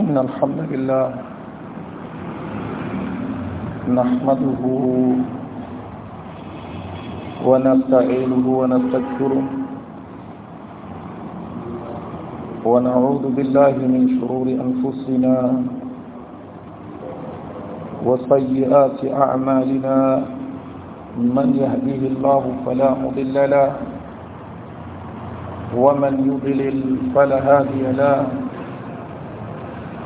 إن الحمد لله نحمده ونستعينه ونستكثره ونعوذ بالله من شرور أنفسنا وسيئات أعمالنا من يهديه الله فلا مضل له ومن يضلل فلا هادي له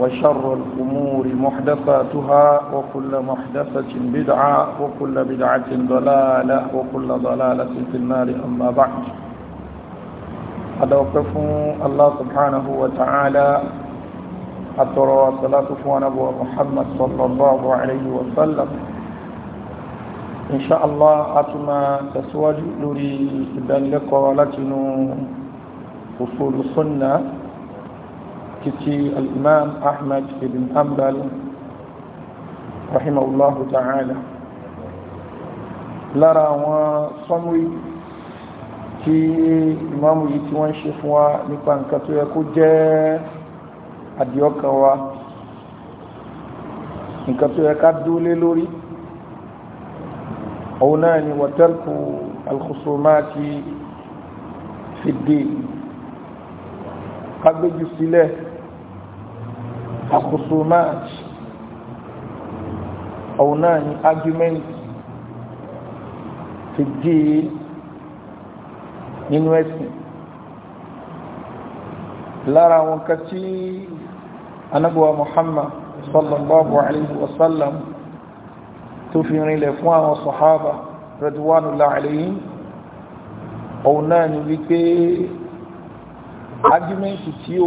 وشر الأمور محدثاتها وكل محدثة بدعة وكل بدعة ضلالة وكل ضلالة في النار أما بعد أدوقف الله سبحانه وتعالى أترى صلاة ونبوة محمد صلى الله عليه وسلم إن شاء الله أتما تسواج لري لك ولكن أصول السنة títí al-imam ahmad ibn hanbal rahimahullahu ta'ala lára àwọn summary tí imamu yìí tí wọ́n ṣe fún wa nípa nǹkan tó yẹ kó jẹ́ àdíọ́kan wa nǹkan tó yẹ ká dúlé lórí òun náà ni wàtẹ́lkù alkhusumati fìdí kágbéjú sílẹ̀ àkùsùmáàtì òun náà ni argument ti dí nínú ẹ̀sìn lára àwọn kan tí anábọ̀wá Muhammad sallallahu alayhi wa sallam tó fi rinlẹ̀ fún àwọn sọ̀hábà radwanullahi alayhim òun náà ni argument tí ó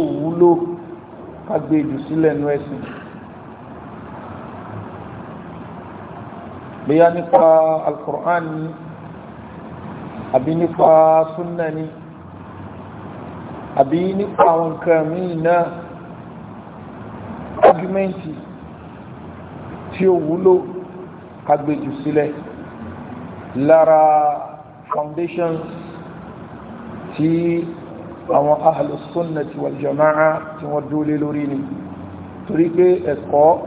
ká gbé jù sílẹ̀ nú ẹ̀sìn bóyá nípa alukur'an ni àbí nípa súnà ni àbí nípa àwọn nǹkan míì náà ágúmẹ́ǹtì tí ó wúlò ká gbé sílẹ̀ lára foundations tí àwọn ahlu sunnati wal jama'a tí wọ́n dúlé lórí ni torí pé ẹ̀kọ́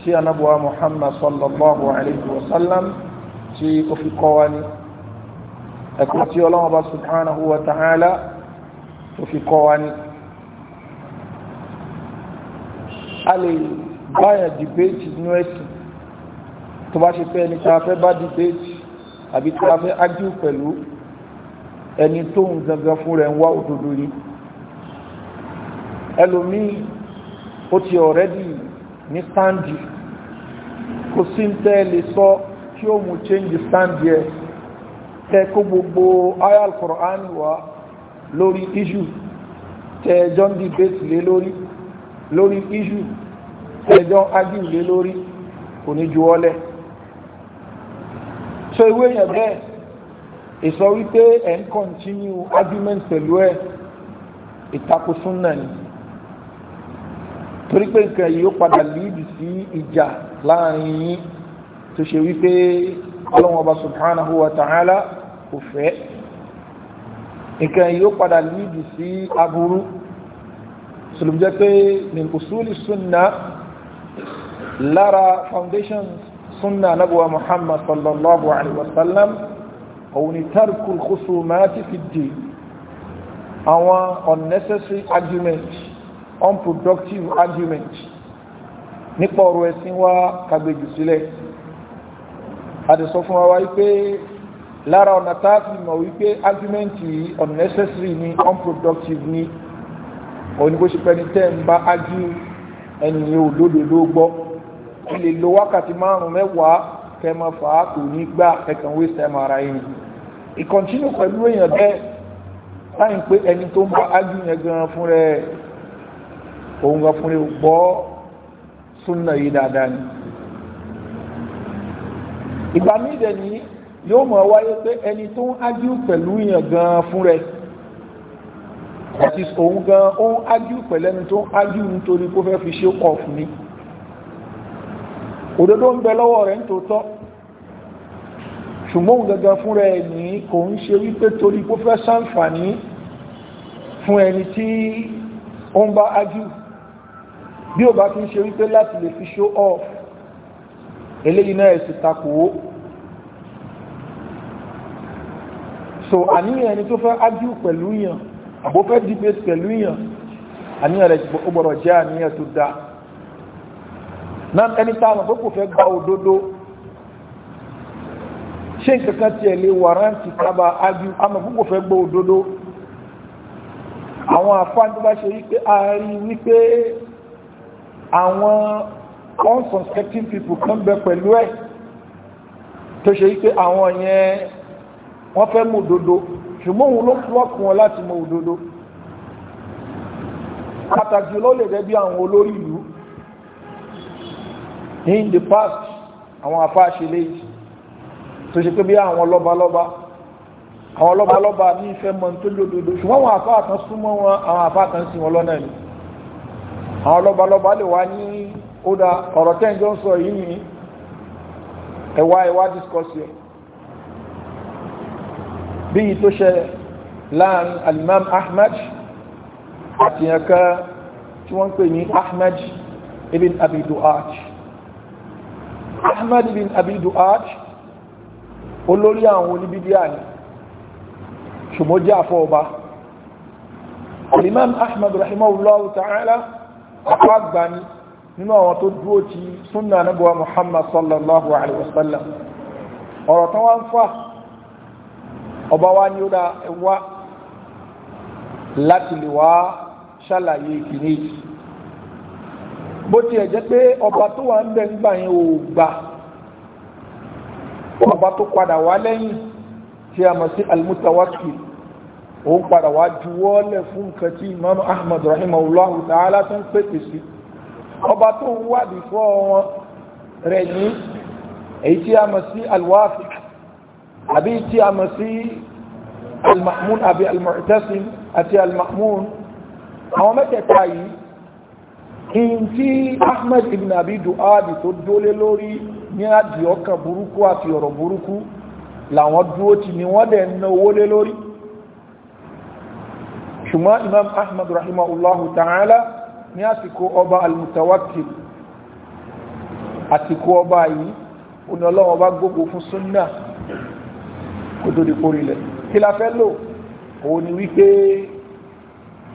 tí anábọ̀wá muhammad sallallahu alayhi wa sallam tí ó fi kọ́ wa ni ẹ̀kọ́ tí ọlọ́wọ́ bá subhanahu wa ta'ala tó fi kọ́ ni a lè báyàn dìbéètì nínú ẹ̀sìn tó bá ṣe pé ẹni tí bá dìbéètì àbí tí ágíù pẹ̀lú ẹni tó ń gangan fún rẹ̀ ń wá òdodo yìí ẹlòmíì ó ti ọ̀rẹ́dì ní sáǹdì kò sí ń tẹ́ lè sọ kí ó mú change sáǹdì ẹ̀ tẹ́ kó gbogbo aya quran wá lórí iṣu tẹ́ ẹjọ́ ń dìbẹ́tì lé lórí lórí iṣu tẹ́ ẹjọ́ ágìl lé lórí kò ní ju ọlẹ́ so ìwé yẹn bẹ́ẹ̀ ìsọ wípé ẹ̀ ń continue argument pẹ̀lú ẹ̀ ìtakò súnà ni torí pé nǹkan yìí ó padà líìdì sí ìjà láàrin yín tó ṣe wípé ọlọ́wọ́n ọba subhanahu wa ta'ala kò fẹ́ nǹkan yìí ó padà líìdì sí aburú sọlùmjẹ́ pé min usuli súnà lára foundation súnà nabuwa muhammad sallallahu alaihi wasallam sallam òun ni tarkul khusumati fi ddin àwọn unnecessary argument unproductive argument nípa ọ̀rọ̀ ẹ̀sìn wa kàgbèjì sílẹ̀ àdìsọ fún wa wípé lára ọ̀nà táàfì mọ̀ wípé argument yìí unnecessary ni unproductive ni òun ni bó ṣe pẹ́ni tẹ́ ń bá argue ẹnìyàn òdodo ló gbọ́ ilè lo wákàtí márùn-ún mẹ́wàá kẹmọ fà á kò ní gbà ẹkàn wé sẹmọ ara yìí ìkọ̀ntínú pẹ̀lú èèyàn bẹ́ẹ̀ láì pé ẹni tó ń bá ájú yẹn gan fún rẹ òun gan fún rẹ gbọ́ súnà yìí dáadáa ni ìgbà míì dẹ̀ ní yóò mọ̀ wáyé pé ẹni tó ń ájú pẹ̀lú èèyàn gan fún rẹ àti òun gan ó ń ájú pẹ̀lẹ́ni tó ń ájú nítorí kó fẹ́ fi ṣe kọ̀ fún ni òdodo ń bẹ lọ́wọ́ rẹ̀ ń tòótọ́ ṣùgbọ́n gẹ́gẹ́ fún rẹ̀ ní kò ń ṣe wípé torí kó fẹ́ ṣàǹfààní fún ẹni tí ó ń bá ájú bí ó bá tún ṣe wípé láti lè fi show off eléyìí náà ẹ̀sì takòó so àníyàn ẹni tó fẹ́ ájú pẹ̀lú yàn àbó fẹ́ debate pẹ̀lú yàn àníyàn rẹ̀ ó gbọ́dọ̀ jẹ́ àníyàn tó dáa náà ẹni táwọn tó kò fẹ́ gba òdodo ṣé nǹkan kan tiẹ̀ lè wàrántì kábà ájú àmọ́ tó kò fẹ́ gba òdodo àwọn àfáàn tó bá ṣe wípé a rí wípé àwọn unsuspecting people kan bẹ pẹ̀lú ẹ̀ tó ṣe wípé àwọn yẹn wọ́n fẹ́ mú òdodo ṣùgbọ́n òun ló flọ́ọ̀kù wọn láti mú òdodo pàtàkì ló lè rẹ́ bí àwọn olórí ìlú in the past àwọn afáàṣe léyìí tó ṣe pé bí àwọn lọ́balọ́ba àwọn lọ́balọ́ba ní ìfẹ́ mọ́ tó lódodo ṣùgbọ́n àwọn afáà kan súnmọ́ wọn àwọn afáà kan sí wọn lọ́nà ni àwọn lọ́balọ́ba lè wá ní ó da ọ̀rọ̀ tẹ́ǹjọ́ ń sọ yìí ni ẹ̀wá ẹ̀wá discourse yẹn bí i tó ṣẹlẹ̀ láàrin alimam ahmad àti ẹ̀ka tí wọ́n pè ní ahmad ibn abi du'at ahmed bin abidu aj olórí àwọn oníbídíà ni ṣùgbọ́n jẹ́ àfọ́ ọba imam ahmed rahimahullah ta'ala ọ̀pọ̀ àgbà ni nínú àwọn tó dúró ti súnà nígbà muhammad sallallahu alaihi wasallam ọ̀rọ̀ tán wá ń fà ọba wa ni ó dá ẹwà láti lè wá ṣàlàyé ìkìníyìí bó ti ẹ̀ jẹ́ pé ọba tó wà ń bẹ ń gbà yẹn ò gbà ọba tó padà wá lẹ́yìn tí a mọ̀ sí almutawakil òun padà wá juwọ́lẹ̀ fún nǹkan tí imam ahmad rahimahullahu ta'ala tó ń pèpè sí ọba tó ń wà bí fọ́ wọn rẹ̀ ní èyí tí a mọ̀ sí alwafiq àbí tí a mọ̀ sí almahmun àbí almu'tasim àti almahmun àwọn mẹ́tẹ̀ẹ̀ta yìí hinti ahmed ibn abi duhadi tó dólé lórí ní àdìọ́kàn burúkú àti ọ̀rọ̀ burúkú làwọn dúró ti ni wọ́n dẹ̀ ná owó lé lórí ṣùgbọ́n imam ahmed rahimahullahu ta'ala ní àsìkò ọba al-mutawakkil àsìkò ọba yìí oní ọlọ́wọ́ bá gbogbo fún súnnà kò tó di kórìlẹ̀ kí la fẹ́ lò òun ni wípé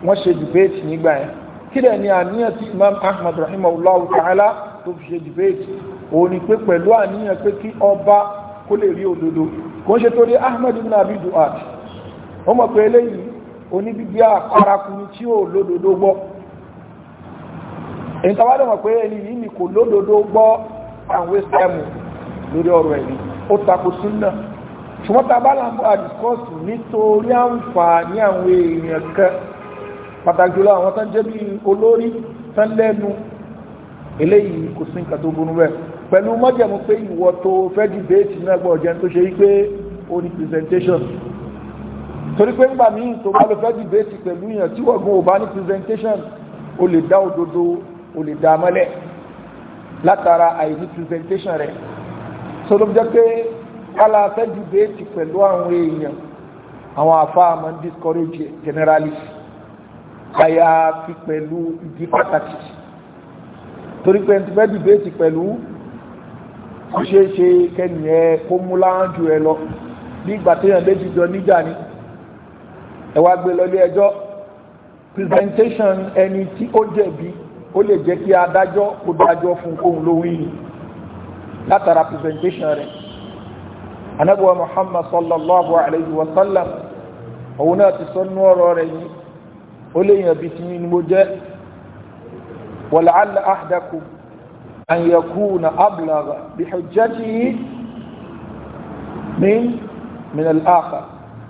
wọ́n ṣe dìbẹ́ẹ̀tì nígbà yẹn kílẹ̀ ni àníyàn tí imam ahmad Allahu ta'ala tó fi ṣe debate òun ni pé pẹ̀lú àníyàn pé kí ọba kó lè rí òdodo kò ń ṣe torí ahmad ibn abi duat wọ́n mọ̀ pé eléyìí oníbíbí àkọ́rakùnrin tí ó lódodo gbọ́ èyí tàbá dẹ̀ mọ̀ pé ẹni yìí ni kò lódodo gbọ́ àwọn ẹsẹ̀mù lórí ọ̀rọ̀ ẹ̀rí ó tako súnà ṣùgbọ́n tàbá làmọ́ àdìkọ́sù nítorí àǹfààní àwọn èèyàn kan pàtàkì jùlọ àwọn tán jẹ́ bí olórí tán lẹ́nu eléyìí kò sí nǹkan tó burú rẹ̀ pẹ̀lú mọ́jẹ̀mú pé ìwọ tó fẹ́ dìbéètì náà gbọ́ jẹun tó ṣe wípé ó ní presentation torí pé ńgbà míì tó bá lọ fẹ́ dìbéètì pẹ̀lú yàn tí wọ́n gun ò ní presentation o lè dá òdodo o lè dá mọ́lẹ̀ látara àìní presentation rẹ̀ so ló jẹ́ pé kálá fẹ́ dìbéètì pẹ̀lú àwọn èèyàn àwọn àfáà máa ń discourage generalist àyàfi pẹ̀lú ìdí pàtàkì torí pé ẹni tí bẹ́ẹ̀ dìbéètì pẹ̀lú kò ṣeé ṣe kẹ́nìyẹ kó mú láwọn ju ẹ lọ bí ìgbà téèyàn méjì jọ níjà ni ẹ wá gbé lọ ilé ẹjọ́ presentation ẹni tí ó jẹ̀bi ó lè jẹ́ kí adájọ́ kó dájọ́ fún kóhun lóhun yìí látara presentation rẹ̀ anábọ̀ Muhammad sallallahu alayhi wa sallam òun náà ti sọ nú ọ̀rọ̀ rẹ̀ yìí ó lè yàn bí ti ní mo jẹ́ wàlàálà àdàkù àyẹ̀kùnà abúlára bí hujjati ní minal akhar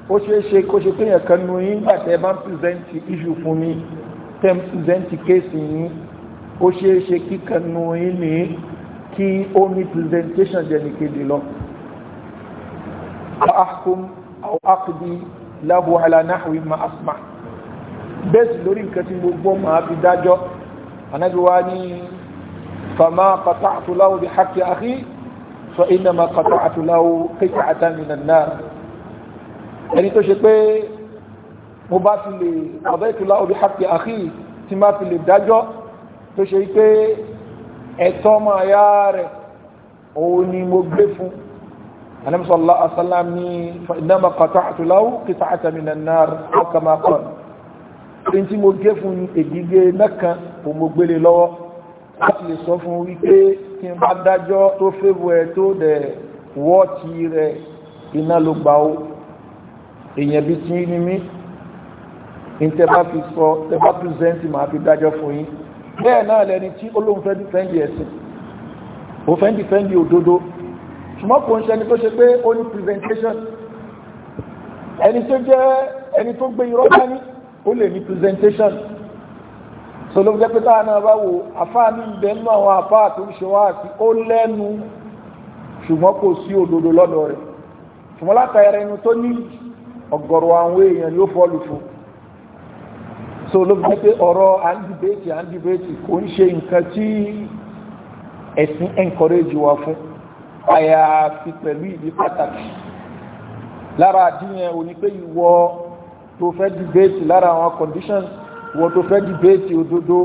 ó ṣe é ṣe kó ṣe pé yàn kan nù yín gbà tẹ́ bá ń pìrìsẹ́ǹtì iṣu fún mi tẹ́ ń pìrìsẹ́ǹtì kéèsì yín ó ṣe é ṣe kí nù yín ní kí ó ní pìrìsẹ́ǹtẹ́ṣàn jẹ́ nìkejì lọ أحكم أو أقضي له على نحو ما أسمع bẹ́ẹ̀sì lórí nǹkan tí gbogbo máa fi dájọ́ anábi wá ní fama qata'tu lahu bi haqqi akhi fa innama qata'tu lahu qit'atan minan nar ẹni tó ṣe pé mo bá fi lè qata'tu lahu bi haqqi akhi tí má fi lè dájọ́ tó ṣe pé ẹ̀tọ́ máa yá rẹ̀ òun ni mo gbé fún anamsọ́lá asálàm ní fa innama qata'tu lahu qit'atan minan nar aw kama qala pé tí mo gé fún ègígé mẹ́kan kò mo gbélé lọ́wọ́ láti lè sọ fún wípé tí n bá dájọ́ tó fẹ́bù ẹ tó dẹ̀ wọ́ ti rẹ̀ iná ló gbà ó èèyàn bí tí ní mí ní tẹ́bá fi sọ tẹ́bá pírẹsẹ́ntì máa fi dájọ́ fún yín bẹ́ẹ̀ náà lẹni tí olóhùn fẹ́ dìfẹ́ǹdì ẹ̀sìn ó fẹ́ dìfẹ́ǹdì òdodo ṣùgbọ́n kò ń ṣe ẹni tó ṣe pé ó ní presentation ẹni tó jẹ́ ẹni tó O le ní presentation so ló jẹ́ pé táwọn náà bá wo àfáà ìbẹ̀ nínú àwọn àfáà tó ń àti ó lẹ́nu ṣùgbọ́n kò sí òdodo lọ́dọ̀ rẹ̀ ṣùgbọ́n látàrí ẹnu tó ní ọ̀gọ̀rọ̀ àwọn fún so ló jẹ́ pé ọ̀rọ̀ andibeti andibeti kò ń ṣe nǹkan tí ẹ̀sìn encourage wa fún àyàfi pẹ̀lú ìdí pàtàkì lára àdíyẹn ò tó fẹ́ dìbéètì lára àwọn conditions wọ́n tó fẹ́ dìbéètì òdodo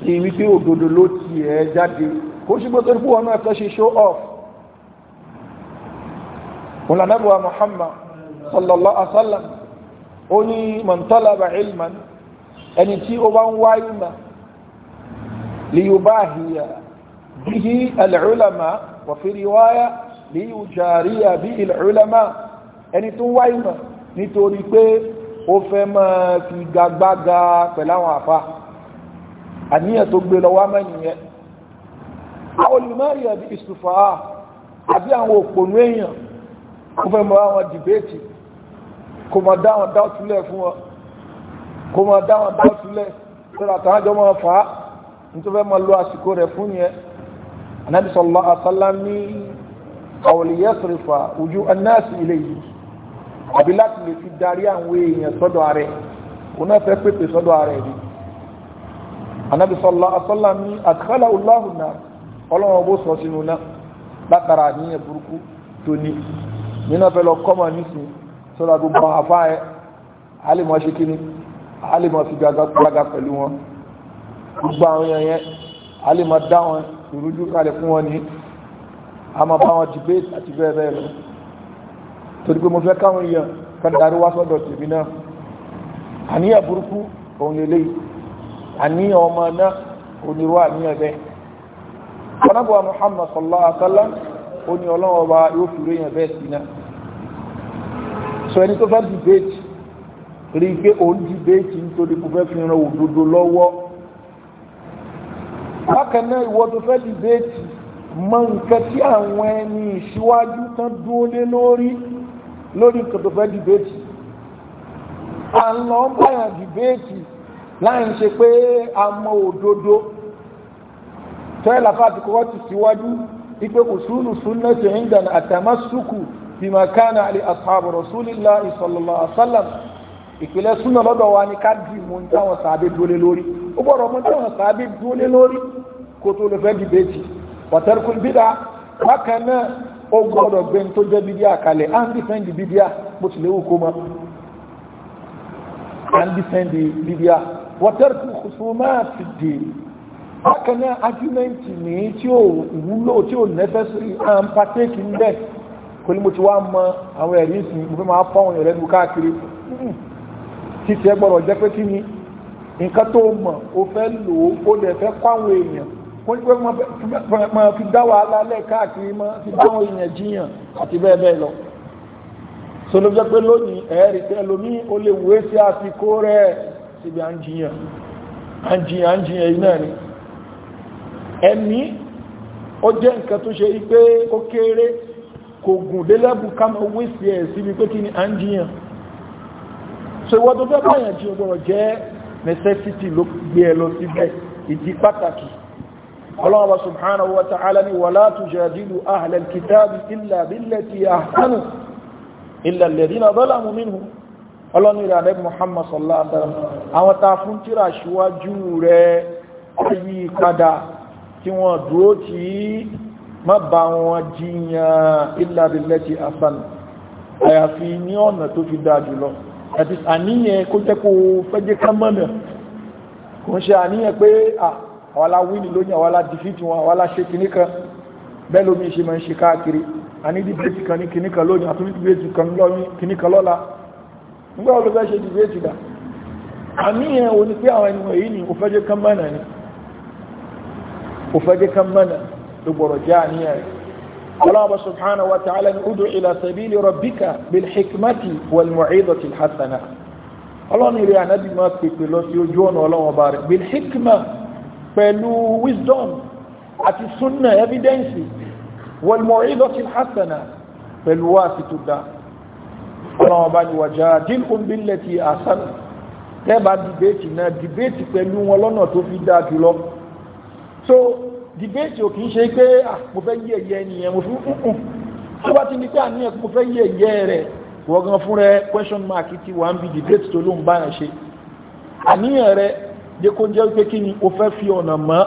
kì í wípé òdodo ló ti ẹ̀ jáde kó ṣùgbọ́n tó ń fún wọn náà fẹ́ ṣe show off wọn lànà Muhammad sallallahu alaihi wa sallam ó ní man talaba ilman ẹni tí ó bá ń wá ìmọ̀ liyubahiya bihi al-ulama wa fi riwaya liyujariya bihi al-ulama ẹni tó wá ìmọ̀ nítorí pé ó fẹ́ máa fi gagbága pẹ̀lú àwọn àfa àníyàn tó gbé lọ́wọ́ mẹ́nìyẹn àwọn olùmọ̀rí ẹ̀bí ìsùfà àbí àwọn òpònú èèyàn ó fẹ́ mọ àwọn dìbéètì kò mọ̀ dá àwọn dáwọ́túlẹ̀ fún wọn kò mọ̀ dá àwọn dáwọ́túlẹ̀ lọ́la tàwọn àjọ máa fà á nítorí fẹ́ máa lo àsìkò rẹ̀ fún yẹn anábìsọ̀lá àsálá ní àwòlíyẹ́sìrìfà ojú anáàsì ilé yìí àbí láti lè fi darí àwọn èèyàn sọ́dọ̀ ààrẹ òun náà fẹ́ pèpè sọ́dọ̀ ààrẹ rí anábì sọ́lá asọ́lá ní àkàlà ọláhùn náà ọlọ́run ọgbó sọ sínú náà látara àníyàn burúkú tó ní nínú fẹ́ lọ kọ́mọ nísìn sọ́dọ̀ gbogbo àfá ẹ alìmọ̀ ṣe kíní alìmọ̀ fi gbàgbà pẹ̀lú wọn gbogbo àwọn èèyàn yẹn alìmọ̀ dá wọn ìrújú kalẹ̀ fún wọn ní àmọ́ bá wọn dìbẹ́tì àti bẹ́ẹ̀ bẹ́ẹ̀ lọ torí pé mo fẹ́ káwọn èèyàn kan darí wá sọ́dọ̀ tèmi náà àníyàn burúkú òun lè léyìí àníyàn ọmọ náà onírú àníyàn bẹ́ẹ̀ ọ̀nàbọ̀ Muhammad sallallahu alaihi wasallam ó ní ọlọ́wọ́ bá yóò fi réyàn bẹ́ẹ̀ sí náà sọ ẹni tó fẹ́ dìbéètì rí i pé òun dìbéètì nítorí kò fẹ́ fi ran òdodo lọ́wọ́ bákan náà ìwọ tó fẹ́ dìbéètì mọ nǹkan tí àwọn ẹni ìṣíwájú tán dúró lé lórí lórí nǹkan tó fẹ́ dìbéètì à ń lọ báyàn dìbéètì láì ṣe pé a mọ òdodo tẹ́lá fàtí kọ́kọ́ ti síwájú ipe usulu sunnati indana atamassuku bima kana ali ashabu rasulillahi sallallahu alaihi wasallam ìpìlẹ̀ súnà lọ́dọ̀ wa ni ká dì mú ní táwọn sàábé dúólé lórí ó gbọ́dọ̀ mú táwọn sàábé dúólé lórí kó tó lè fẹ́ dìbéètì wa tarkul bákan náà ó gbọ́dọ̀ gbẹ́ni tó jẹ́ bídíà kalẹ̀ and defend bídíà bó tilẹ̀ wù kó and defend bídíà wọ́tẹ́rù kùsùmáà ti dè bákan náà ní tí ó wúlò tí ó and partake in bẹ́ẹ̀ kò ní mo ti wá mọ àwọn ẹ̀rí ìsìn mo fẹ́ máa fọ́n ẹ̀rẹ́ káàkiri hmm. títí ẹ gbọ́dọ̀ jẹ́ pé kí ni nǹkan tó mọ̀ o fẹ́ lò ó fẹ́ kọ́ wọ́n ti pẹ́ máa fi dá wàhálà lẹ̀ káàkiri máa fi dáwọn èèyàn jiyàn àti bẹ́ẹ̀ bẹ́ẹ̀ lọ sọlọ́jọ́ pé lónìí ẹ̀ẹ́rì pé ẹlòmíì ó lè wé sí àsìkò rẹ̀ síbi à ń jiyàn à ń jiyàn à ń jiyàn yìí náà ni ẹ̀mí ó jẹ́ nǹkan tó ṣe pé ó kéré kò gùn délẹ́bù ká máa wé sí ẹ̀ síbi pé kí ni à ń jiyàn so ìwọ́n tó fẹ́ báyàn jiyàn gbọ́dọ̀ jẹ́ necessity ló gbé ẹ lọ síbẹ̀ ìdí pàtàkì ọlọ́wọ́ subhanahu wa ta'ala ni wala tujadilu ahlal kitabi illa billati ahsanu illa alladhina zalamu minhum ọlọ́ni rẹ̀ alẹ́ muhammad sallallahu alaihi wasallam àwọn ta fún tíra ṣíwájú rẹ̀ ayé padà tí wọ́n dúró tí má bá wọn jiyàn illa billati ahsanu àyàfi ní ọ̀nà àti àníyàn kó jẹ́ kó fẹ́jẹ́ ká kò ń ṣe àníyàn pé ah àwọn aláwìnì lónìí àwọn aládìfìtì wọn àwọn aláṣẹ kìíní kan bẹ́ẹ̀ lómi ṣe máa ń ṣe káàkiri a ní dìbẹ́tì kan ní kìíní kan lónìí àtúntò dìbẹ́tì kan lónìí kìíní kan lọ́la nígbà wọn ló fẹ́ ṣe dìbẹ́tì dà àmì yẹn o ní pé àwọn ẹni kan mọ́nà ni òfẹ́jẹ́ kan mọ́nà ló gbọ́dọ̀ jẹ́ àníyàn Allah subhanahu wa ta'ala ni ud'u ila sabili rabbika bil hikmati wal mu'izati al hasana Allah ni rí ànábì máa pèpè lọ sí ojú ọ̀nà ọlọ́wọ́ bá rẹ̀ bil hikma pẹ̀lú wisdom àti sunna evidence walmu'izatil hasana pẹ̀lú wá sí tó dá ọlọ́wọ́ bá ní wajadilhum billati ahsana tẹ́bà dìbẹ́tì náà dìbẹ́tì pẹ̀lú wọn lọ́nà tó fi dá jùlọ so dìbẹ́tì ò kì í ṣe pé ah, mo fẹ́ yí ẹ̀yẹ nìyẹn mo ah, fún mark ti wà ń bi dìbẹ́tì tó ló jẹ́ kó jẹ́ wípé kí ni o fẹ́ fi ọ̀nà mọ́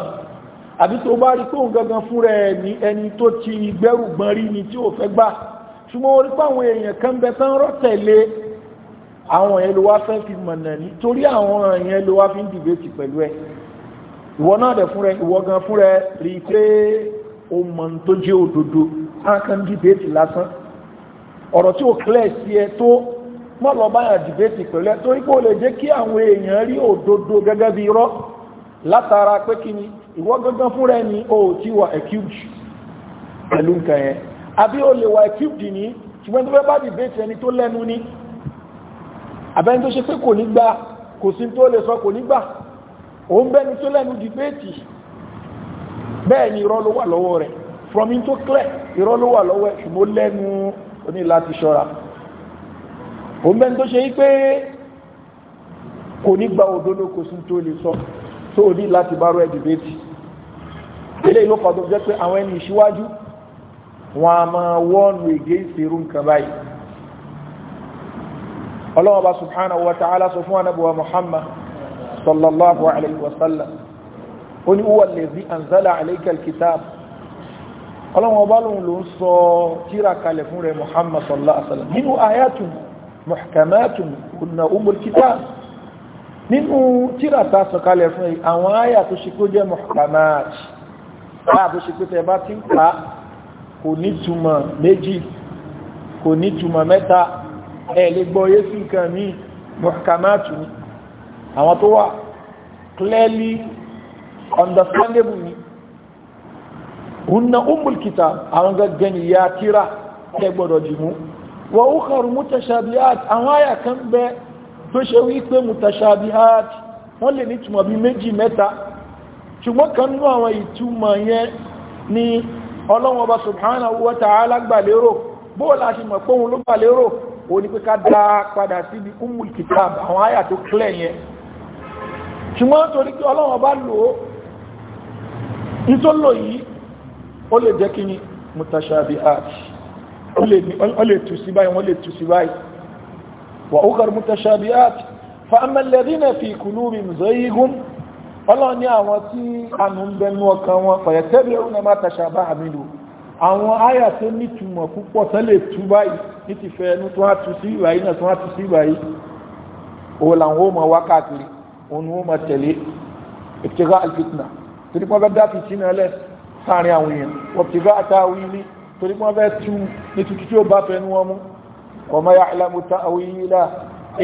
àbí tó bá rí pé òun gangan fún rẹ̀ ní ẹni tó ti gbẹ́rù rí ni tí o fẹ́ gbà ṣùgbọ́n orí pé àwọn èèyàn kan bẹ tán rọ́ tẹ̀lé àwọn yẹn ló wá fẹ́ fi mọ̀nà ní torí àwọn yẹn ló wá fi ń dìbètì pẹ̀lú ẹ ìwọ náà dẹ̀ fún rẹ ìwọ gan fún rẹ rí i pé o mọ̀ tó jẹ́ òdodo á kan dìbètì lásán ọ̀rọ̀ tí o clear sí ẹ tó mọ́ lọ báyàn dìbẹ́tì pẹ̀lú ẹ̀ torí pé lè jẹ́ kí àwọn èèyàn rí òdodo gẹ́gẹ́ bí irọ́ látara pé kí ni ìwọ gangan fúnra ẹni o ti wà accused pẹ̀lú nǹkan yẹn àbí o lè wà accused ní ṣùgbọ́n tó fẹ́ bá dìbẹ́tì ẹni tó lẹ́nu ní àbẹ́ni tó ṣe pé kò ní gbà kò sí tó lè sọ kò ní gbà òun bẹ́ni tó lẹ́nu dìbẹ́tì bẹ́ẹ̀ ni irọ́ ló wà lọ́wọ́ rẹ̀ from into clear irọ́ ló wà lọ́wọ́ ẹ̀ ṣùgbọ́n lẹ́nu ó láti ṣọ́ra òun bẹ́ẹ̀ tó ṣe yí pé kò ní gba òdodo kò sí tó lè sọ tó ní láti bá rọ ẹ̀dùn bẹ́ẹ̀tì ilé ìlú kan tó jẹ́ pé àwọn ẹni ìṣíwájú wọn a máa wọ́ọ̀nù ègé ìṣerú nǹkan báyìí ọlọ́wọ́n bá subhanahu wa ta'ala sọ fún anábùwà muhammad sallallahu alaihi wasallam ó ní huwa allazi anzala alayka alkitab ọlọ́wọ́n bá lóun ló ń sọ tíra kalẹ̀ fún rẹ̀ muhammad sallallahu alaihi wasallam nínú ayatun muhkamatun kunna umul الكتاب، nínú tírà tá sọ̀kalẹ̀ fún yìí àwọn àyà tó ṣe kó jẹ́ muhkamat báà tó ṣe pé tẹ bá ti ń pa kò ní túmọ̀ méjì kò ní túmọ̀ mẹ́ta ẹ lè gbọ́ yé sí nǹkan ní muhkamatun àwọn tó clearly understandable ni hunna umul kitab àwọn gẹ́gẹ́ ni ya tírà tẹ gbọ́dọ̀ dì mú wa ukharu mutashabihat àwọn àyà kan bẹ tó ṣe wípé mutashabihat wọ́n lè ní túmọ̀ bí méjì mẹ́ta ṣùgbọ́n kan nú àwọn ìtumọ̀ yẹn ni ọlọ́run ọba subhanahu wa ta'ala gbà lérò bóòlá ṣe mọ̀ póhun ló gbà lérò ní pé ká dá padà síbi umul kitab àwọn àyà tó clear yẹn ṣùgbọ́n torí kí ọlọ́run ọba lò ó nítòlò yìí ó lè jẹ́ kí ni wọ́n lè tù sí báyìí wọ́n lè tù sí báyìí wà ó kàrù mutashabihat fa amma alladhina fi qulubihim zaygun ọlọ́ni àwọn tí àánú ń bẹnu ọkàn wọn fayattabi'una ma tashabaha minhu nítumọ̀ púpọ̀ tó lè báyìí ní ti fẹ́ ẹnu tó wá tú sí ìbáyìí náà tó wá tú sí ìbáyìí òun làwọn ó wákàtí òun ó tẹ̀lé ibtigha al-fitna torí pọ́n bẹ́ dá fìtínà lẹ̀ sáàrin àwọn èèyàn wọ́n ibtigha torí wọ́n fẹ́ tú ní tutù tí ó bá fẹ́nu wọn mú wa ma ya'lamu ta'wilahu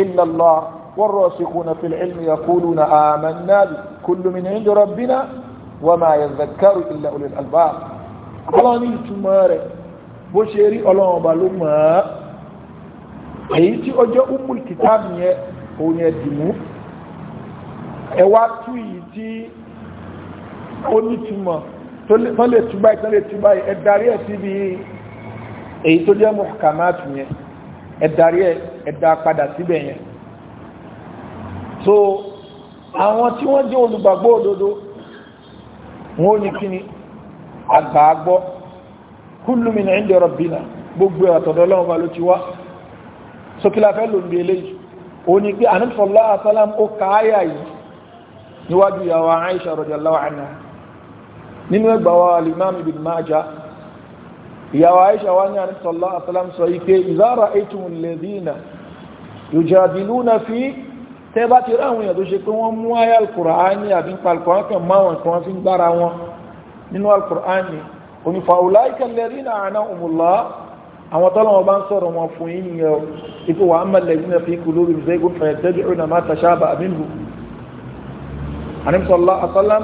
illa Allah warrasikhuna fil ilmi yaquluna amanna kullu min 'indi rabbina wa ma yadhakkaru illa ulul albab ọlọ́run ní ìtumọ̀ rẹ̀ bó ṣe rí ọlọ́run ọba ló mọ̀ ọ́ èyí tí ọjọ́ umul kitab yẹn òun yẹn dì mú ẹ tú yìí tí ó nítumọ̀ tán lè túbá ìtàn lè túbá ẹ̀dàrí ẹ̀ síbi èyí tó jẹ́ muhkamatu yẹn ẹ̀dàrí ẹ̀ ẹ̀dà padà síbẹ̀ yẹn so àwọn tí wọ́n jẹ́ olùgbàgbọ́ òdodo wọ́n ní kíni àgbàgbọ́ kullu min inda rabbina gbogbo àtọ̀dọ̀ ọlọ́run bá ló ti wá sókílàfẹ́ ló ń bí eléyìí ó ní pé àníṣọ́lá àsálàm ó kàáyà yìí níwájú ìyàwó Aisha radiyallahu anha nínú ẹgbà wa alimami bin maja ìyàwó aisha wa ní àní sọlá asalam sọ ike ìzára ètùn lẹ́dínà yujadiluna fi tẹ́bá ti ráwọn èèyàn tó ṣe pé wọ́n mú ayé alkùránì àbí ń pa alkùránì kan máwọn kan fi ń gbára wọn nínú alkùránì onífà òláìkà lẹ́rìnà àná òmùlá àwọn tọ́lọ́wọ́ bá ń sọ̀rọ̀ wọn fún yíyẹ ipò wà á mẹ́lẹ̀ yìí fi kú lórí ìzẹ́gùn fẹ̀yẹ̀ tẹ́bí ìrìnà máa tàṣà àbà àmìlú ànímsọ́lá asálám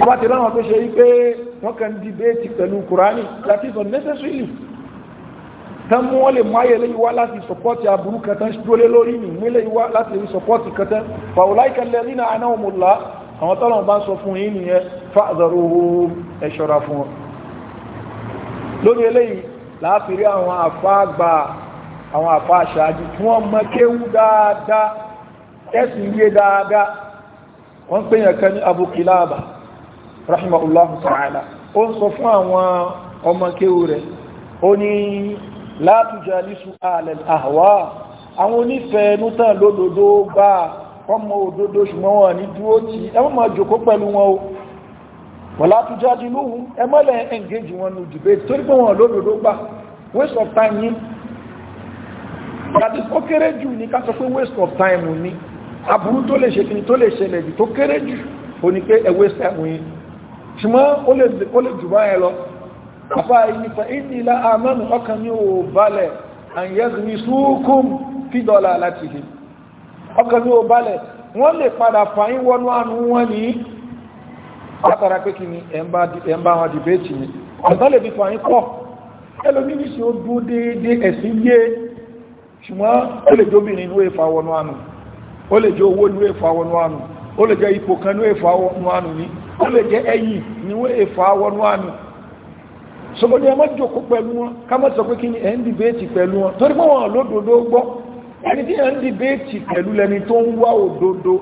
ọba ti láwọn tó ṣe yí pé wọ́n kàn dìbéètì pẹ̀lú kùránì láti sọ necessarily tán mú wọ́n lè mú ayé lè wá láti sọpọ́tì aburú kẹtàn ṣúlẹ̀ lórí ní ìmúlẹ̀ wá láti rí sọpọ́tì kẹtàn fàwọláìkà lẹ́rìnà anáwọ̀mọ̀lá àwọn tọ́lọ̀ bá sọ fún yín nìyẹn fàzọrò ẹ ṣọ́ra fún wọn lórí eléyìí láàfírí àwọn àfá àgbà àwọn àfá àṣáájú tí wọ́n mọ kéwú dáadáa tẹ́sì yé dáadáa wọ́n pèyàn kan ní Abu rahimahullahu ta'ala ó ń sọ fún àwọn ọmọ kéwú rẹ̀ ó ní la tujalisu alal ahwa àwọn onífẹ́ ẹnu tán lódodo gbá ọmọ òdodo ṣùgbọ́n wọn ní dúró tí ẹ má máa jòkó pẹ̀lú wọn o wala tujadiluhum ẹ má lè engage wọn ní debate torí pé wọn lódodo gbá waste of time yìí that is ó kéré jù ní ká sọ pé waste of time ni aburú tó lè ṣe kí ni tó lè ṣẹlẹ̀ jù tó kéré jù ó ní pé ẹ waste time ṣùgbọ́n ó lè jù báyẹn lọ àfá ìnípa ìdílá àmọ́nù ọkàn ní ò balẹ̀ àyẹ́zùmí súnkún fídọ́là láti hì ọkàn ní ò balẹ̀ wọ́n lè padà fàyín wọnú àánú wọn ní látara pé kí ni ẹ̀mbá wọn dìbẹ́tì ni ọ̀tọ́ lè fi fàyín pọ̀ ẹlòmíní sí ó dúó déédé ẹ̀sìn yé ó lè jẹ́ ipò kan ní èfà wọnú àánú ní ó lè jẹ́ ẹ̀yìn ní wọ́n èfà wọnú àánú sọ́gbọ́n ni a má jòkó pẹ̀lú wọn ká má sọ pé kí ni ẹ̀ ń dìbéètì pẹ̀lú wọn torí pé wọn lódodo gbọ́ ẹni tí ẹ̀ ń dìbéètì pẹ̀lú lẹni tó ń wá òdodo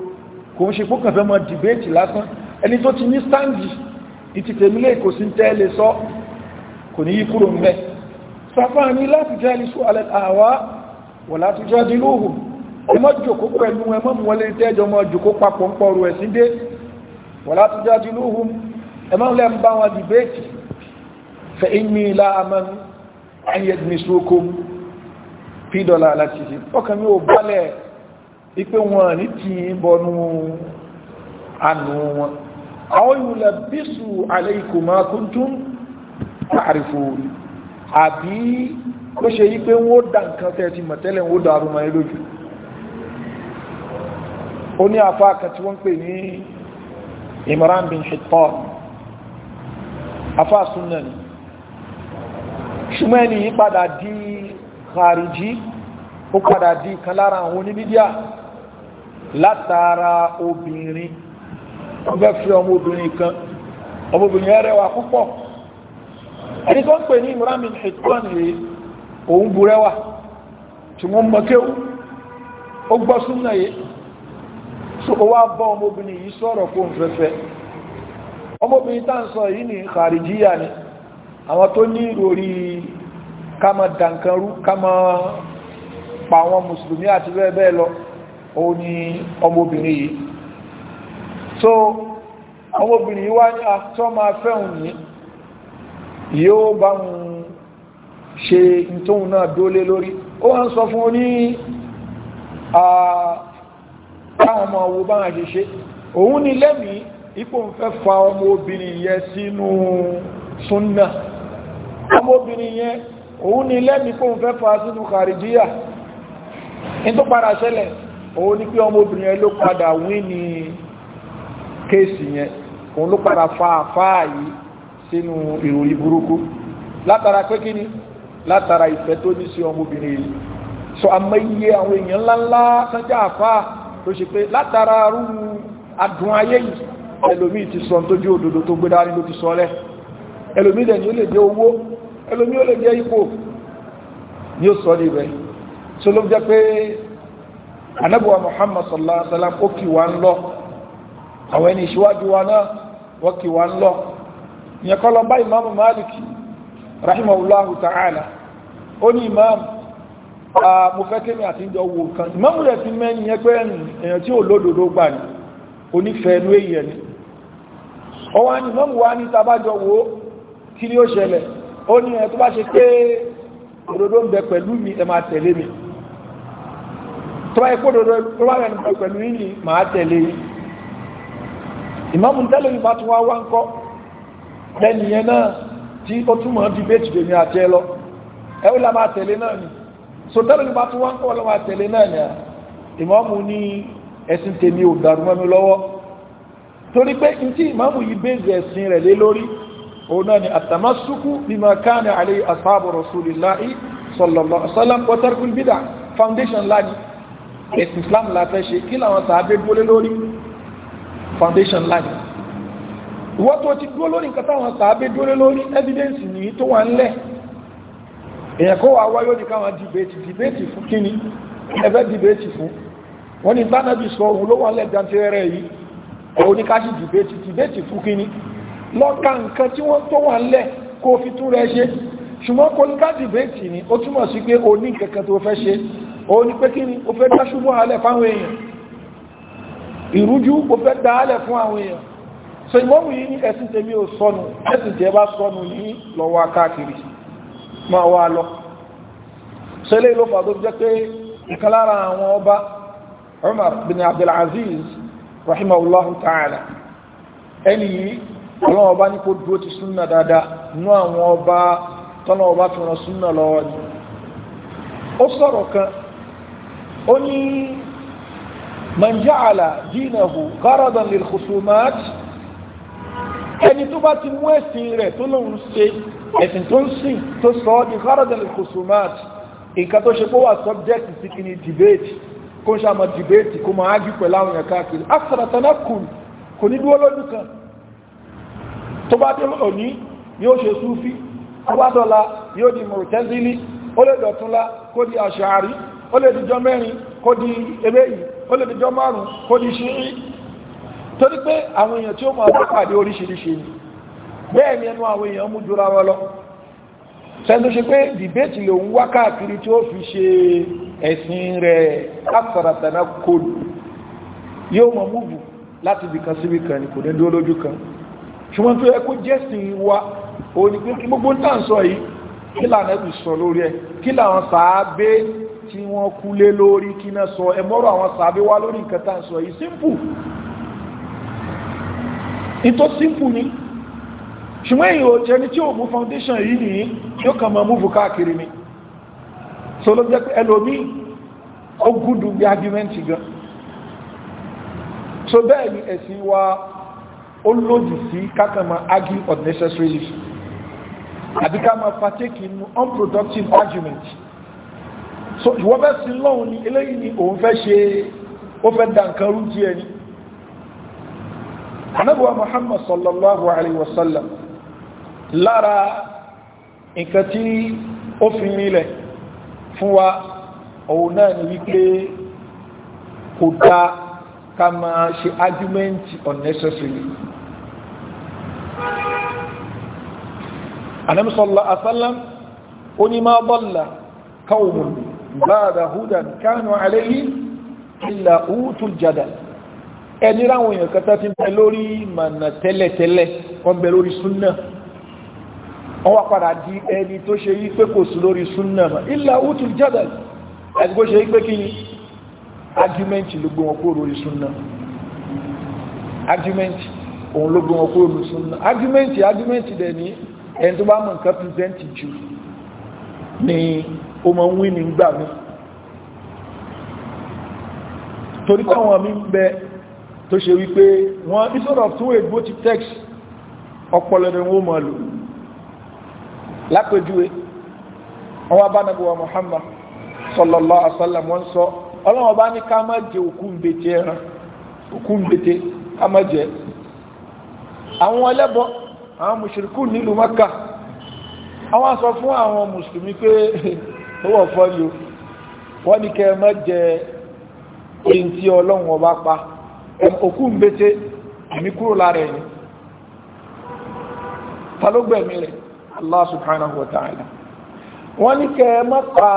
kò ń ṣe pó kàn fẹ́ mọ dìbéètì lásán ẹni tó ti ní sáǹdì ìtìtẹ̀mílẹ̀ kò sí tẹ́lẹ̀ sọ kò ní yí kúrò ń bẹ́ sàfáà ní láti àlẹ́ àwa wọ̀ láti jẹ́ ẹ má jòkó pẹ̀lú ẹ má mú wọlé tẹ́jọ mọ́ jòkó papọ̀ ń pọ̀rọ̀ ẹ̀sìn dé wala tujadiluhum ẹ má lẹ́ ń bá wọn dìbéètì fa inni la amanu an yadmisukum fi dalalatihim ọkàn mi ò balẹ̀ ipe wọn ní tí ń bọnú ànú wọn àwọn yulabbisu alaykum ma kuntum ta'rifun àbí ó ṣe yí pé wọ́n dá nǹkan tẹ́ ti mọ̀ wọ́n dàrú mọ́ ẹ ó ní àfá kan tí wọ́n pè ní Imran bin Hittan àfá súnnà ni ṣùgbọ́n ẹni yí padà di khariji ó padà di kan lára àwọn oníbídíà látara obìnrin wọ́n fẹ́ fi ọmọ obìnrin kan ọmọ obìnrin rẹwà púpọ̀ ẹni tó ń pè ní Imran bin Hittan rèé òun burẹ́wà tí wọ́n mọ̀ ó gbọ́ súnnà yìí so ó wá bọ́ ọmọbìnrin yìí sọ̀rọ̀ kó n fẹ́fẹ́ ọmọbìnrin tá ń sọ yìí ní kàrìjíyà ni àwọn tó ní ìròrí kama dankanru kama pa àwọn mùsùlùmí àti bẹ́ẹ̀ bẹ́ẹ̀ lọ ó ní ọmọbìnrin yìí so ọmọbìnrin yìí wá ní àtọ́ ah, máa fẹ́hùn ní yóò bá ń ṣe ìtóhun náà dólé lórí ó wá ń sọ fún oní àà ah, káwọn ọmọ owó bá wọn ṣe ṣe òun ni lẹ́mìí ipò ń fẹ́ fa ọmọ obìnrin yẹn sínú súnnà ọmọ obìnrin yẹn òun ni lẹ́mìí pò ń fẹ́ fa sínú kàrídíyà ní tó padà ṣẹlẹ̀ òun ni pé ọmọ obìnrin yẹn ló padà wí ní kéèsì yẹn òun ló padà fa àfáà yìí sínú ìròyìn burúkú látara pé kí ni látara ìfẹ́ tó ní sí ọmọ obìnrin yìí so àmọ́ iye àwọn èèyàn ńláńlá sanjá àfáà tó ṣe pé látara rú adùn ayé yìí ẹlòmí ti sọ tó jí òdòdó tó gbé dání ló ti sọ rẹ̀ ẹlòmí dẹ̀ ni ó lè jẹ́ owó ẹlòmí ó lè jẹ́ ipò ni ó sọ ní ibẹ̀ tó ló jẹ́ pé anábùwà Muhammad sallallahu alaihi wasallam ó kì wá ń lọ àwọn ẹni ìṣíwájú wa náà wọ́n kì wá ń lọ ìyẹn lọ bá ìmáàmù Malik rahimahullahu ta'ala ó ní ìmáàmù Ah, mo fẹ́ kémi àti ìjọ wo kan ìmọ̀mù ti mẹ́yìn yẹn pé tí ò lódòdó gbà ní onífẹ́ ẹnu èyí ẹni ọwọ́ ni ìmọ̀mù wa ní tabájọ wo kí ni ó ṣẹlẹ̀ ó ní ẹ̀ tó bá ṣe pé òdòdó ń bẹ pẹ̀lú mi ẹ máa tẹ̀lé mi tó bá yẹ kó òdòdó tó bá yẹn pẹ̀lú yìí máa tẹ̀lé yìí ìmọ̀mù tẹ́lẹ̀ mi bá tún wá wá ń kọ́ ẹnìyẹn náà tí ó túmọ̀ dìbẹ́tì lèmi àti ni sọtẹ́rù nípa tí wọ́n ń kọ́ lọ́wọ́ àtẹ̀lé náà ni ìmáàmù ní ẹ̀sìn tèmi ò dàrú mọ́ mi lọ́wọ́ torí pé n tí ìmáàmù yìí bèèrè ẹ̀sìn rẹ̀ lé lórí òun náà ni àtàmásùkú bima kana alayhi ashabu rasulillahi sallallahu alaihi wasallam wa tarkul bid'ah foundation ńlá ni ẹ̀sìn islam la fẹ́ ṣe kí làwọn sàábé dúró lé lórí foundation ńlá ni ìwọ́n tó ti dúró lórí nǹkan táwọn sàábé dúró lé lórí evidence nìyí tó wà ńlẹ̀ èyàn kó wà wáyé ní káwọn dìbètì dìbètì fún kíni ẹfẹ́ dìbètì fún wọ́n ní tánàbí sọ ohun ló wà lẹ́gbẹ̀ẹ́ rẹ̀ yìí òun ní káṣí dìbètì dìbètì fún kíni lọ́ka nǹkan tí wọ́n tó wà lẹ̀ kó fi tún rẹ̀ ṣe ṣùgbọ́n kó ní ká dìbètì ni ó túmọ̀ sí pé òní kankan tó fẹ́ ṣe òun ní pé kíni ó fẹ́ dá ṣubú alẹ̀ fáwọn èèyàn ìrújú ó fẹ́ dá alẹ̀ fún àwọn èèyàn so ìmọ̀wù yìí ní ẹ̀sìn tèmi ò sọnù ẹ̀sìn tẹ́ bá sọnù ní lọ́wọ́ káàkiri máa wá lọ sẹ́lẹ̀ ló fà tó jẹ́ pé ìkan lára àwọn ọba Umar bin Abdulaziz rahimahullahu ta'ala ẹni yìí ọlọ́wọ́ ọba ní kó dúró ti súnà dáadáa nú àwọn ọba tọ́nà ọba tó rán súnà lọ́wọ́ ni ó sọ̀rọ̀ kan ó ní man ja'ala dinahu gharadan lil ẹni tó bá ti mú ẹ̀sìn rẹ̀ tó lóun ṣe ẹ̀sìn tó ń sìn tó sọ ọ́ di haradal khusumat nǹkan tó ṣe pé wà sí kí ni debate kó ń ṣàmọ̀ debate kó máa ágì pẹ̀lú àwọn èèyàn káàkiri asàràtàná kù kò ní dúró lójú kan tó bá dé òní yóò ṣe súfí ọbádọ́la yóò di mọ̀rùtẹ́zílì ó lè dọ̀túnlá kó di àṣàárí ó lè dìjọ mẹ́rin kó di eléyìí torí pé àwọn èèyàn tí ó máa pàdé oríṣiríṣi bẹ́ẹ̀ ni ẹnu àwọn èèyàn mú jura wọn lọ sẹ́nu ṣe pé dìbẹ́tì ló ń wá káàkiri tí ó fi ṣe ẹ̀sìn rẹ̀ látàràtàná kóòlù yóò mọ̀ múùbù láti ibìkan síbi kan ní kò ní lójú kan ṣùgbọ́n tó yẹ jẹ́sìn wa òun ni pé gbogbo ń tàn sọ yìí kí lànà ti sọ lórí ẹ kí làwọn sàábé tí wọ́n kú lé lórí kí náà sọ ẹmọ́rọ̀ àwọn sàábé wá lórí nǹkan tàn sọ yìí simple ní tó simple ni ṣùgbọ́n èyí ò jẹ́ ní tí ò mú foundation yìí ní yóò kàn máa múfù káàkiri ni so ló jẹ́ pé ẹlòmí ó gúdù bí argument gan so bẹ́ẹ̀ ni ẹ̀sìn wa ó lòdì sí kákan máa argue unnecessarily àbí ká máa partake in unproductive argument so ìwọ́n fẹ́ sí lọ́hùn ni eléyìí ni òun fẹ́ ṣe ó fẹ́ dá nǹkan rú díẹ̀ ni anábùwà Muhammad sallallahu alaihi wasallam lára nǹkan tí ó fi nílẹ̀ fún wa òun náà ni wípé kò dá ká máa ṣe argument unnecessary anam sallallahu alaihi wasallam ó ní ma dalla qaumun ba'da hudan kanu alayhi illa ẹni ráwọn èèyàn kẹta ti bẹ lórí mànà tẹ́lẹ̀tẹ́lẹ̀ wọ́n bẹ lórí súnnà wọ́n wá padà di ẹni tó ṣe yí pé kò sí lórí súnnà mọ́ ilà útù jẹ́bẹ̀ àti bó ṣe yí pé kí ni argument ló gbé wọn lórí súnnà argument òun ló gbé wọn lórí súnnà argument argument dẹ̀ ní ẹni tó bá mọ̀ nǹkan present jù ni ó mọ̀ ń wí ní gbà mí torí táwọn mi ń bẹ tó ṣe wípé wọ́n ìṣòro of two way both text ọpọlọ ni wọ́n mọ̀ lò lápèjúwe wọn wá bá nàbí wa Muhammad sallallahu wọn sọ ọlọ́wọ́n bá ní ká má jẹ òkú ń ká má jẹ àwọn ẹlẹ́bọ àwọn mùṣírikù nílùú Mẹ́kà àwọn sọ fún àwọn mùsùlùmí pé owó ọ̀fọ́ wọ́n ní má jẹ Allah subhanahu wa ta'ala wọ́n ní kẹ́ ẹ má pa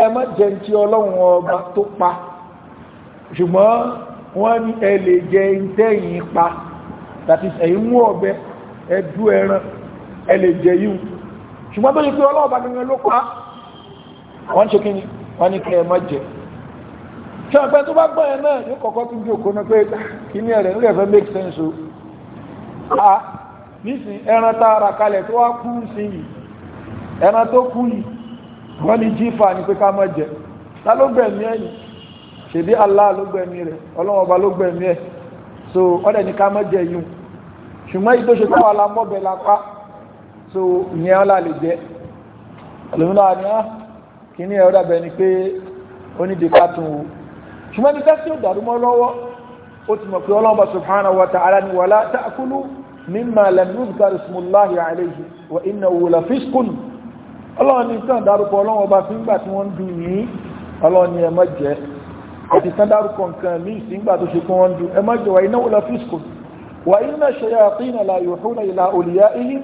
ẹ má jẹ ti ọlọ́run ọba tó pa ṣùgbọ́n wọ́n ní ẹ lè jẹ ìtẹ́yìn pa tàbí ẹ̀yìn mú ọ̀bẹ ẹdú ẹran ẹ lè jẹ yíò ṣùgbọ́n tó yí pé ọlọ́ọ̀bá gangan ló pa nísìn ẹran tá ara kalẹ̀ tó wá kú sí yìí ẹran tó kú yìí wọ́n ni jífà ní pé ká mọ́ jẹ ta ló gbẹ̀mí ẹ̀ yìí ṣèbí Allah ló gbẹ̀mí rẹ̀ ọlọ́wọ́n ló gbẹ̀mí ẹ̀ so ọ̀dẹ̀ ká jẹ yìí ṣùgbọ́n yìí tó ṣe lápá so ìyẹn lè jẹ ni á ẹ̀rọ dàbẹ̀ ni pé ó ní tún ṣùgbọ́n ò dàrú mọ́ lọ́wọ́ ó ti mọ̀ pé subhanahu wa ta'ala ni mímà lẹ́mùsùkà rìsmùláhì àlejò wà iná wùlà fíṣkùn ọlọ́run ní tán dárúkọ ọlọ́run ọba fi ń gbà tí wọ́n ń dùn yìí ọlọ́run ní ẹ má jẹ àti tán dárúkọ nǹkan míì sí ń gbà tó ṣe kí wọ́n ń dùn ẹ má jẹ wà iná wùlà fíṣkùn wà iná ṣayatina la yuhuna ìlà òlìyá ihi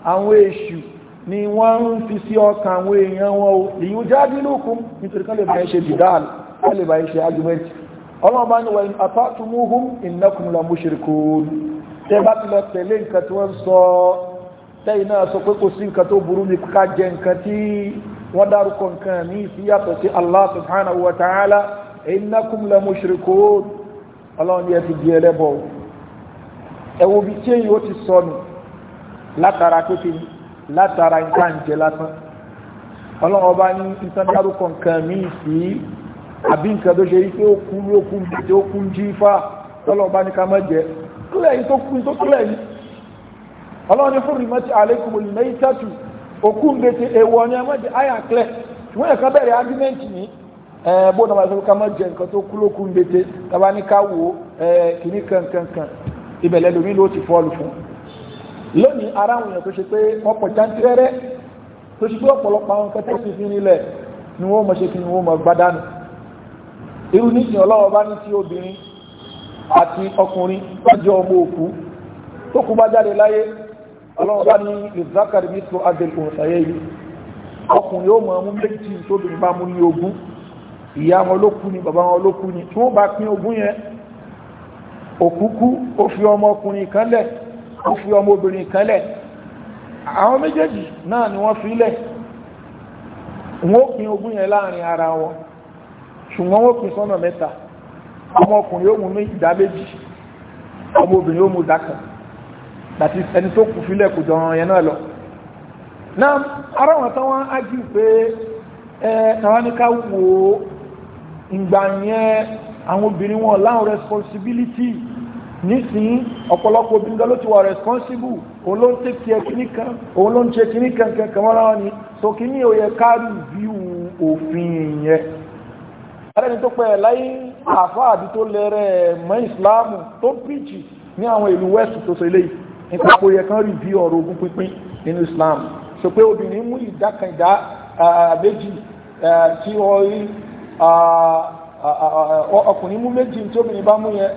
àwọn èṣù ni wọ́n ń fi sí ọkàn àwọn èèyàn wọn o ìyún jádìlúkùn nítorí kan lè bá ṣe dìdáàlì kan lè bá ṣe argumenti ọlọ́ọ̀bá ni wọ́n àtàtùmúhùn ìnákùn la mushrikun tẹ́ bá ti lọ tẹ̀lé nǹkan tí wọ́n sọ tẹ́yìn náà sọ pé kò sí nǹkan tó burú ní ká jẹ látara nǹkan jẹ lásán ọlọ́run ọba ní nǹkan dárúkọ nǹkan míì sí àbí nǹkan tó ṣe yí pé ó kú ló kú tí ó kú jí fà ọlọ́run ọba ní ká má jẹ kílẹ̀ yìí tó kú tó kílẹ̀ yìí ọlọ́run ní na ma sọ ká má jẹ nǹkan tó kú ló kú ń bẹ ti tàbá ní ká wò kìnnìkan fún lónìí ara àwọn èèyàn tó ṣe pé wọ́n pọ̀ jántìrẹ́rẹ́ tó ṣe pé ọ̀pọ̀lọpọ̀ àwọn kẹ́tẹ́ sí fi nílẹ̀ ni wọ́n mọ̀ ṣe kí ni wọ́n mọ̀ gbádánù irú nísìn ọlọ́wọ́ bá ní tí obìnrin àti ọkùnrin lọ́jọ́ ọmọ òkú tó kú bá jáde láyé ọlọ́wọ́ bá ní ìzákàrí mítò adèl òǹsàyẹ yìí ọkùnrin ó mọ̀ ọmú méjì tó bìnrin bá mú ó fi ọmọ obìnrin kan lẹ̀ àwọn méjèèjì náà ni wọ́n fi lẹ̀ wọ́n pín ogún yẹn láàrin ara wọn ṣùgbọ́n wọ́n pín sọ́nà mẹ́ta ọmọ ọkùnrin ó mú ní ìdá méjì ọmọ obìnrin ó mú ìdá kan àti ẹni tó kù fílẹ̀ kù jọran yẹn náà lọ náà ara wọn tán wọ́n ájú pé ẹ tàwọn ní ká wo ìgbà yẹn àwọn obìnrin wọn láwọn responsibility nísìnyí ọ̀pọ̀lọpọ̀ obìnrin ló ti wà responsible òun ló ń tẹ́kì kìíní kan òun ló ń ṣe kìíní kan kankan wọ́n ráwọ́ ni so kìíní ò yẹ ká rìvíw òfin yẹn ẹni tó pẹ́ láyé àfá àbí tó lẹ́rẹ̀ mọ́ ìsìláàmù tó píìchì ní àwọn ìlú west tó so ilé nípa pé yẹ kán rìvíw ọ̀rọ̀ ogún pínpín nínú ìsìláàmù so pé obìnrin mú ìdá kan ìdá méjì tí ọkùnrin mú méjì tí obìnrin bá mú yẹn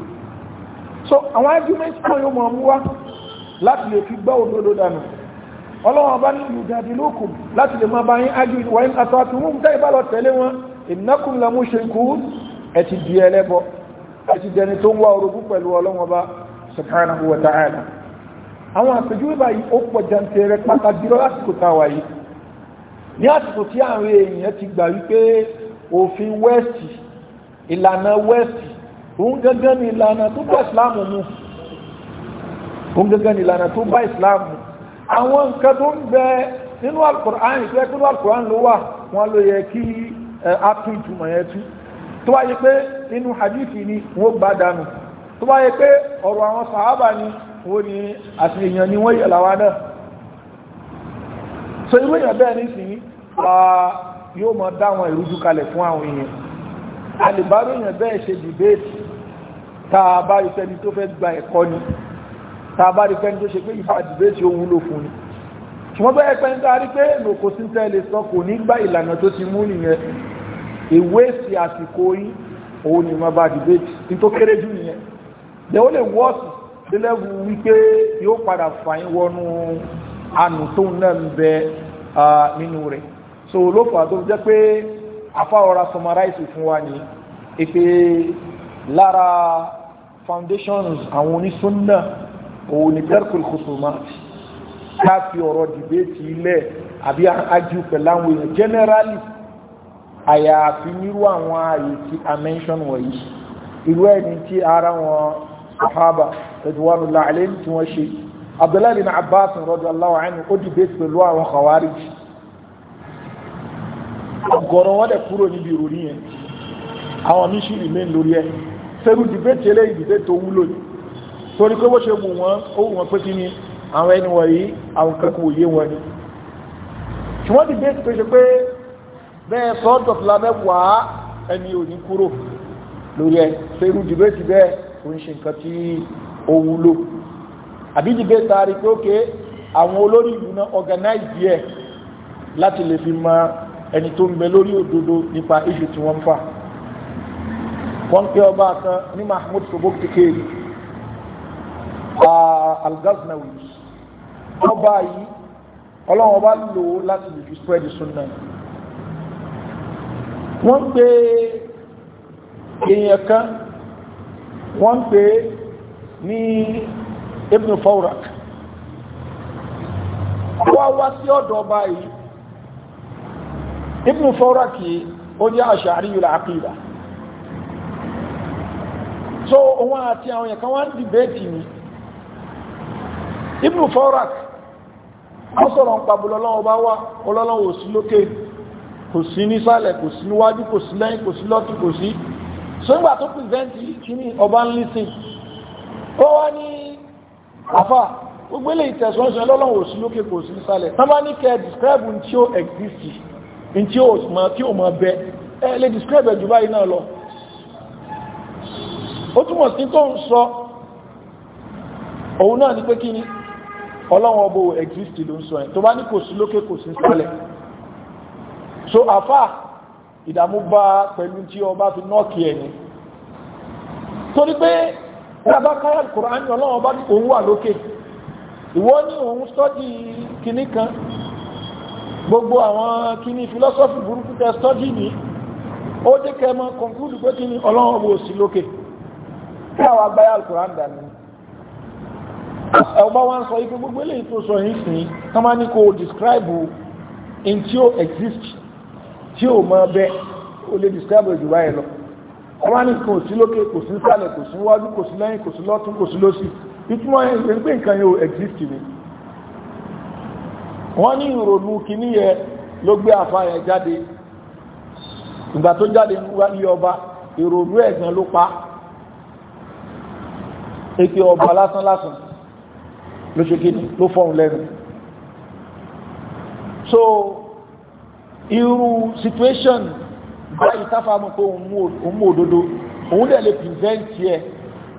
so àwọn argument kan yóò mọ̀ mú wá láti lè fi gbọ́ òdodo dànù ọlọ́wọ́n bá ní yudadilukum láti lè máa bá yín ájú wọ́n yín àtọ́ àti wọ́n tẹ́ ìbálọ̀ tẹ̀lé wọn innakum lamushrikun ẹ ti di ẹlẹ́bọ ẹ dẹni tó wá orogún pẹ̀lú ọlọ́wọ́n bá ta'ala àwọn àpèjúwe báyìí ó pọ̀ jantere pàtàkì jùlọ lásìkò táwa yìí ní àsìkò tí àwọn èèyàn ti ìlànà west òun gẹ́gẹ́ ni ìlànà tó bá ìsìláàmù mu òun gẹ́gẹ́ ni ìlànà tó bá ìsìláàmù àwọn nǹkan tó ń bẹ nínú alukur'an ìfẹ́ nínú alukur'an ló wà wọn ló yẹ kí a tún ìtumọ̀ yẹn tú tó wáyé pé nínú hadith ni wọ́n gbá dànù tó wáyé pé ọ̀rọ̀ àwọn sàhábà ni wọ́n ní àti èèyàn ni wọ́n yẹ̀ làwa náà so irú èèyàn bẹ́ẹ̀ ní sí yóò mọ dá tàà bá rí fẹ́ni tó fẹ́ gba ẹ̀kọ́ ni tàà bá rí fẹ́ni tó ṣe pé ìfà àdìbẹ́sì ó wúlò fún ni ṣùgbọ́n bẹ́ẹ̀ pẹ́ ń darí pé ènò kò sí tẹ́lẹ̀ sọ kò ní gba ìlànà tó ti mú nìyẹn ìwé sí àsìkò yín òun ni wọ́n bá dìbẹ́tì ní tó kéré jù nìyẹn lẹ́wọ́ lè so ló fà tó jẹ́ pé afáwọra summarize fún wa lára foundations àwọn onísúnnà òun ni tẹ́rkùl kùsùmáàtì ká fi ọ̀rọ̀ dìbéètì ilẹ̀ àbí ajú pẹ̀láwọn èèyàn generally àyàfi nírú àwọn ààyè tí a mention wọ̀nyí irú ẹni tí ara wọn sahaba radwanullahi alayhim tí wọ́n ṣe abdullahi bin abbas radiyallahu anhu ó dìbéètì pẹ̀lú àwọn khawarij ọgọ̀rọ̀ wọ́n dẹ̀ kúrò níbi ìròyìn yẹn àwọn míṣìrì mẹ́ lórí ẹ̀ sẹ́rù dìbẹ́tì eléyìí dìbẹ́tì tó wúlò ní torí pé bó ṣe mú wọn ó wù wọn pé kí ni àwọn ẹni wọ̀nyí àwọn kankan òye wọn ni ṣùgbọ́n dìbẹ́tì tó ṣe pé bẹ́ẹ̀ sọ́ọ̀dọ̀ fúlà mẹ́wàá ẹni ò ní kúrò lórí ẹ sẹ́rù dìbẹ́tì bẹ́ẹ̀ kò ń ṣe nǹkan tí ó wúlò àbí dìbẹ́tì tààrí pé ókè àwọn olórí ìlú náà organize yẹ láti lè fi mọ ẹni tó ń bẹ lórí òdodo nípa issue tí wọ́n ń fà wọ́n pe ọba kan ní mahmoud sobok dikeri algaznawi ọba yìí ọlọ́run ọba lò ó láti lè fi spread sunna wọ́n pe èèyàn kan wọ́n pe ní ibn fawrak wá wá sí ọ̀dọ̀ ọba yìí ibn fawrak yìí ó jẹ́ àṣà àríyìnlá àkíyà so òun ati àwọn èèyàn kan wá ń dìbẹ́ẹ̀tì mi ibnu forak wọ́n sọ̀rọ̀ ń pàbò lọ́lọ́wọ́ bá wá ọlọ́lọ́wọ́ ò sí lókè si. sí nísàlẹ̀ kò sí níwájú kò sí lẹ́yìn kò sí lọ́tún kò sí so nígbà tó pìrìsẹ́ntì kíní ọba ń lísìn ó wá ní àfà gbogbo ilé ìtẹ̀sọ́nsọ́ ọlọ́lọ́wọ́ sí lókè kò sí nísàlẹ̀ tán ní kẹ́ describe n tí ó exist n tí ó mọ̀ bẹ ẹ lè describe ẹ̀ jù báyìí náà lọ ó túmọ̀ sí tó ń sọ òun náà ni pé kí ni ọlọ́wọ́n ọbọ̀ exist ló ń sọ ẹ̀ tó bá ní kò sí lókè kò sí sálẹ̀ so àfà ìdààmú bá pẹ̀lú tí ọba fi nọ́ọ̀kì ẹ̀ ni torí pé lábá káyà kùránì kan gbogbo àwọn kìíní philosophy burúkú tẹ stọ́dì ní ó jẹ́ kẹ́ mọ́ conclude pé kìíní ọlọ́wọ́n ọbọ̀ òsì lókè tí àwọn agbáyà alukuran dà ní ọba wa ń sọ ife gbogbo eléyìí tó sọ yìí sìn kama ní kò describe in tí ó exist tí ó máa bẹ ó lè describe jù báyìí lọ ọba ní kò sí lókè kò sí sàlẹ̀ kò sí wájú kò sí lẹ́yìn kò sí lọ́tún kò sí lọ́sì ìtumọ̀ ẹ̀ pé nǹkan yóò exist ni wọ́n ní ìrònú kìíní yẹ ló gbé àfa yẹn jáde ìgbà tó jáde wá ní ọba ìrònú ẹ̀gbọ́n ló pa á èké ọba lásán lásán ló ṣe kíni ló fọ́n lẹ́nu so irú situation báyìí táfàmù pé òun mú òdodo òun dẹ̀ lè present yẹ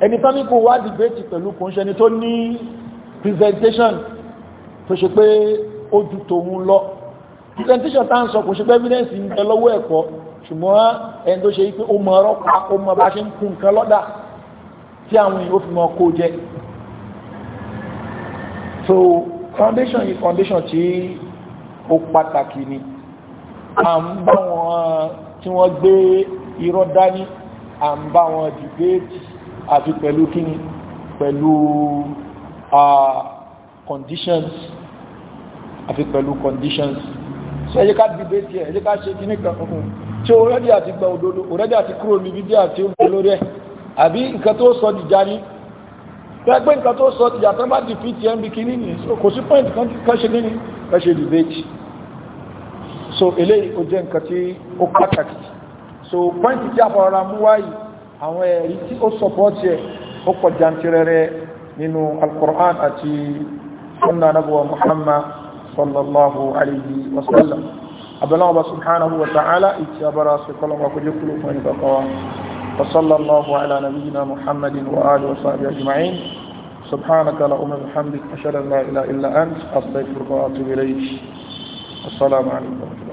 ẹni tán ní kò wá dìbẹ́tì pẹ̀lú kò ń ṣe ẹni tó ní presentation tó ṣe pé ó ju tòun lọ presentation tá ń sọ kò ṣe pé evidence ń bẹ lọ́wọ́ ẹ̀kọ́ ṣùgbọ́n ẹni tó ṣe wípé ó mọ ọ̀rọ̀ pa ó mọ bá ṣe ń kún nǹkan lọ́dà tí àwọn èèyàn ó fi mọ kó jẹ so foundation yìí foundation tí ó pàtàkì ni à ń bá wọn tí wọ́n gbé irọ́ dání à ń bá wọn dìbéètì àti pẹ̀lú kíni pẹ̀lú conditions àfi pẹ̀lú conditions so ẹ jẹ́ ká dìbéètì ẹ jẹ́ ká ṣe kíní kan fún un tí ó rẹ́dí àti gba òdodo òrẹ́dí àti kúrò níbi díẹ̀ àti ó ẹ̀ àbí nǹkan tó sọ dìjà ní pẹ́pẹ́ nǹkan tó sọ dìjà tán bá di pt mb kìíní ní kò sí point kan ṣe ní kan ṣe debate so eléyìí o jẹ́ nǹkan tí ó pàtàkì so point tí a fara mú wáyìí àwọn ẹ̀rí tí ó sọpọ́tì ẹ̀ ó pọ̀ jantirẹrẹ nínú alkur'an àti sunna nabuwa muhammad sallallahu alayhi wasallam sallam abdullahi wa subhanahu wa ta'ala ìtì abara sí kọlọmọ kò jẹ́ وصلى الله على نبينا محمد وآله وصحبه أجمعين سبحانك اللهم بحمدك أشهد أن لا إله إلا أنت أستغفرك وأتوب إليك السلام عليكم ورحمة الله